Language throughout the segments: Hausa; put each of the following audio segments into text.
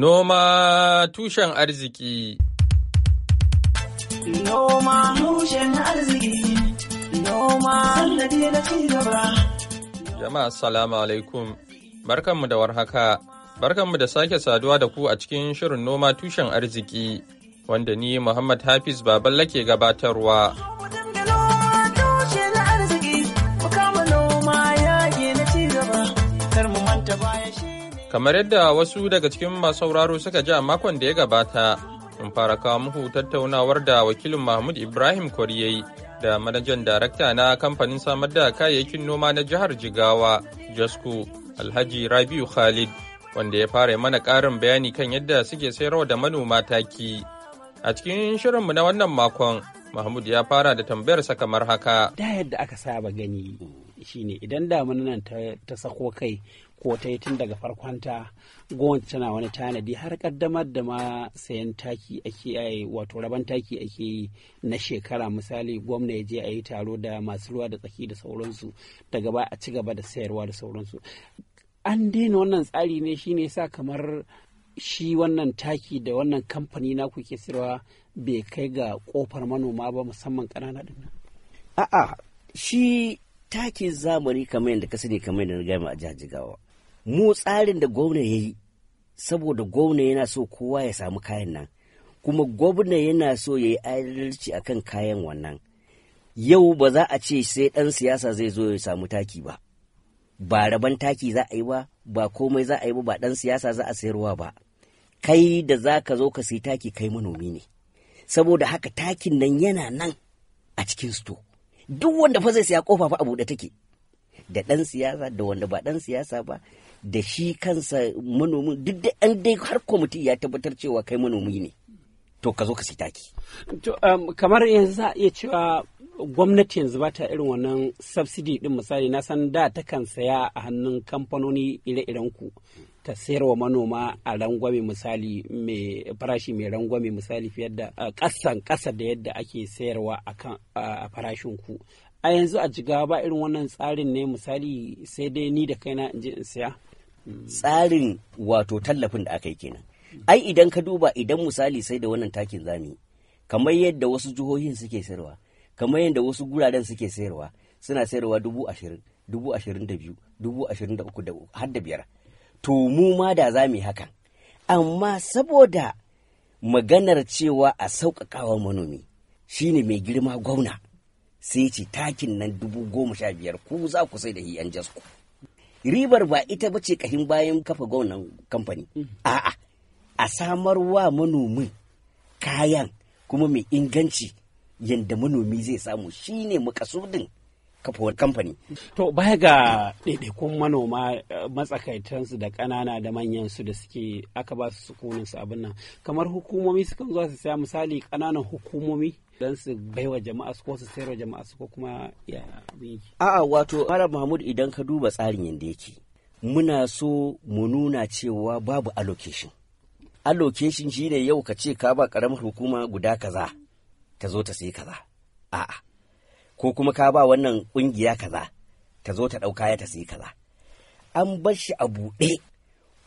Noma tushen arziki Noma tushen arziki Noma sannadi na cigaba Jama'a salamu alaikum barkanmu da warhaka barkanmu da sake saduwa da ku a cikin shirin noma tushen arziki wanda ni Muhammad Hafiz Baballe ke gabatarwa. Kar mu manta baya shi Kamar yadda wasu daga cikin masauraro suka ji a makon da ya gabata, in fara kawo muku tattaunawar da wakilin Mahmud Ibrahim koriyai da manajan darakta na kamfanin samar da kayayyakin noma na jihar Jigawa, Jasko, Alhaji Rabiu Khalid, wanda ya fara mana ƙarin bayani kan yadda suke sayarwa da manoma taki. A cikin shirinmu na wannan makon, Mahmud ya fara da tambayarsa kamar haka. Da yadda aka saba gani shine idan damuna nan ta sako kai ko ta yi tun daga farkonta ta tana wani tanadi har kaddamar da ma sayan taki ake yi wato raban taki ake yi na shekara misali gwamna ya je a yi taro da masu ruwa da tsaki da sauransu daga ba a ci gaba da sayarwa da sauransu an daina wannan tsari ne shine sa kamar shi wannan taki da wannan kamfani na kuke sayarwa bai kai ga kofar manoma ba musamman ƙanana ɗin a'a shi takin zamani kamar yadda ka sani kamar yadda na gama a jihar Jigawa. Mu tsarin da gwamna ya yi, saboda gwamna yana so kowa ya samu kayan nan, kuma gwamna yana so ya yi adalci a kan kayan wannan. Yau ba za a ce sai ɗan siyasa zai zo ya samu taki ba. Ba rabon taki za a yi ba, ba komai za a yi ba, ba ɗan siyasa za a sayarwa ba. Kai da za ka zo ka sayi taki kai manomi ne. Saboda haka takin nan yana nan a cikin sto. duk wanda fa zai siya kofa fa a buɗe take da ɗan siyasa da wanda ba ɗan siyasa ba da shi kansa manomin duk da an dai har kwamiti ya tabbatar cewa kai manomi ne to ka zo ka sita ki. To um, kamar yanzu za a iya cewa gwamnati yanzu ba ta irin wannan subsidy din misali na san da ta kan saya a hannun kamfanoni ire-iren ku ta sayarwa manoma a rangwame misali mai farashi mai rangwame misali fiye da kasan kasa da yadda ake sayarwa a farashin ku a yanzu a jiga ba irin wannan tsarin ne misali sai dai ni da kaina in je in saya. tsarin wato tallafin da aka yi kenan ai idan ka duba idan misali sai da wannan takin zami kamar yadda wasu jihohin suke sayarwa kamar yadda wasu guraren suke sayarwa suna sayarwa dubu ashirin dubu ashirin da biyu dubu ashirin da uku da har da biyar to mu ma da za mu yi hakan amma saboda maganar cewa a sauƙaƙawa manomi shine mai girma gwamna sai ce takin nan dubu goma sha biyar ku za ku sai da hiyan jasku ribar ba ita ba ce kahin bayan kafa gwamnan kamfani mm-hmm. a'a a samar wa manomin kayan kuma mai inganci yadda manomi zai samu shine makasudin kafa kamfani. To baya ga ɗaiɗaikun manoma eh, matsakaitansu da ƙanana da manyan su da suke aka ba su sukunin su abin nan kamar hukumomi sukan zuwa su saya misali ƙananan hukumomi don su baiwa jama'a su ko su sayarwa jama'a su ko kuma ya A'a wato Malam Mahmud idan ka duba tsarin yadda yake muna so mu nuna cewa babu allocation. Allocation shine yau ka ce ka ba ƙaramar hukuma guda kaza ta zo ta sayi kaza. A'a ko kuma ka ba wannan ƙungiya kaza ta zo ta ɗauka ya ta sayi kaza an bar shi a buɗe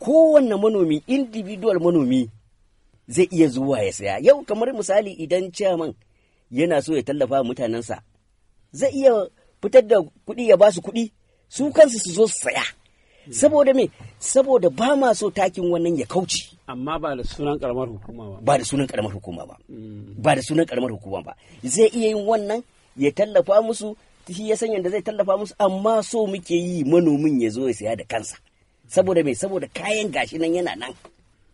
kowanne manomi individual manomi zai iya zuwa ya saya yau kamar misali idan chairman yana so ya tallafa mutanensa zai iya fitar da kuɗi ya ba su kuɗi su kansu su zo su saya saboda me saboda ba ma so takin wannan ya kauce amma ba da sunan karamar hukuma ba ba da sunan karamar hukuma ba mm. ba da sunan karamar hukuma ba zai iya yin wannan ya tallafa musu shi ya san yadda zai tallafa musu amma so muke yi manomin ya zo ya saya da kansa saboda me saboda kayan gashi nan yana nan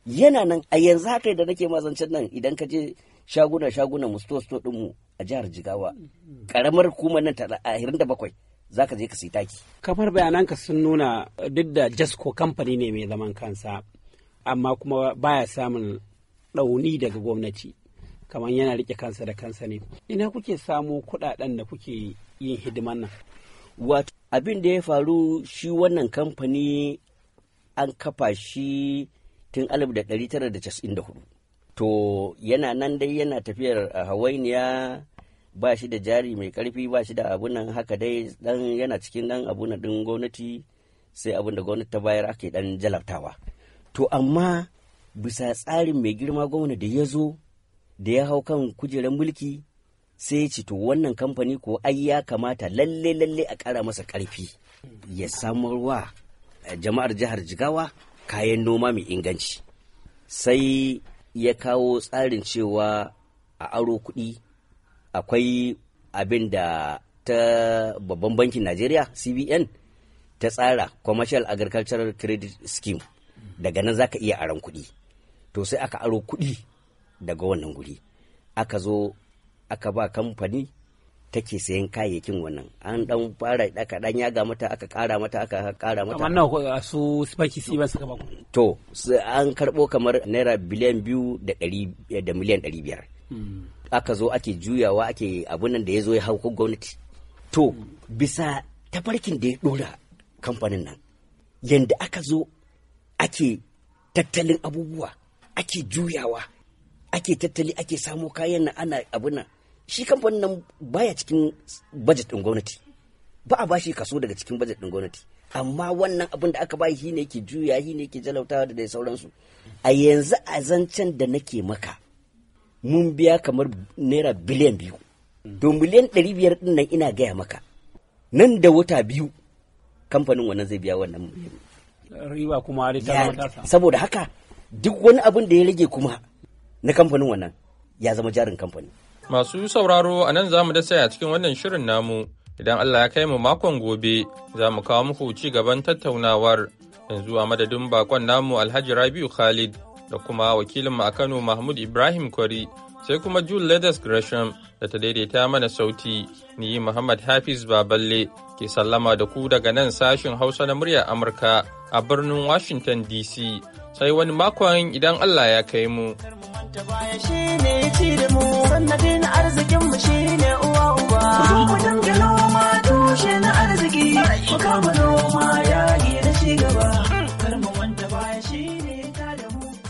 yana nan a yanzu haka da nake mazancin nan idan ka je shaguna shaguna mu store din mu a jihar Jigawa karamar hukumar nan ta 27 za ka je ka sai taki kamar bayananka sun nuna uh, duk da Jasco kamfani ne mai zaman kansa amma kuma baya samun ɗauni daga gwamnati kamar yana rike kansa da kansa ne ina kuke samo kuɗaɗen da kuke yin hidiman nan wato abin da ya faru shi wannan kamfani an kafa shi tun 1994 to yana nan dai yana tafiyar a hawainiya ba shi da jari mai karfi ba shi da abunan haka dai dan yana cikin dan abunan din gwamnati sai abun da gwamnati ta bayar ake dan jalabtawa to amma bisa tsarin mai girma gwamna da ya zo da ya hau kan kujerar mulki sai ya ce to wannan kamfani ko ai ya kamata lalle lalle a ƙara masa ƙarfi ya samar wa eh, jama'ar jihar jigawa kayan noma mai inganci sai ya kawo tsarin cewa a aro kuɗi akwai abin da ta babban bankin najeriya cbn ta tsara commercial agricultural credit scheme daga nan zaka iya aron kuɗi to sai aka aro kuɗi daga wannan guri aka zo aka ba kamfani take sayan kayayyakin wannan an dan fara aka dan yaga mata aka kara mata aka kara mata amma nan su spaki si ban saka ba to an karbo kamar naira biliyan biyu da ɗari da miliyan ɗari biyar hmm. aka zo ake juyawa ake abun nan da ya zo ya hau gwamnati to hmm. bisa tafarkin da ya dora kamfanin nan yanda aka zo ake tattalin abubuwa ake juyawa ake tattali ake samo kayan na ana abin nan shi kamfanin nan baya cikin budget din gwamnati ba a bashi kaso daga cikin budget din gwamnati amma wannan abin da aka bayi ne ke juya shi ne ke jalautawa da dai sauransu a yanzu a zancen da nake maka mun biya kamar naira biliyan biyu to miliyan ɗari biyar ɗin nan ina gaya maka nan da wata biyu kamfanin wannan zai biya wannan riba kuma saboda haka duk wani abin da ya rage kuma na kamfanin wannan ya zama jarin kamfani. Masu sauraro a nan za mu da a cikin wannan shirin namu idan Allah ya kai mu makon gobe za mu kawo muku ci gaban tattaunawar yanzu a madadin bakon namu Alhaji Rabiu Khalid da kuma wakilinmu a Kano Mahmud Ibrahim Kwari sai kuma Jule Ledes Gresham da ta daidaita mana sauti ni Muhammad Hafiz Baballe ke sallama da ku daga nan sashin Hausa na muryar Amurka a birnin Washington DC sai wani makon idan Allah ya kai mu. da baya shi ne ci da mu sannadin arzikin mu shi ne uwa uba mu dinga noma tushe na arziki mu kama noma yaƙi na ci gaba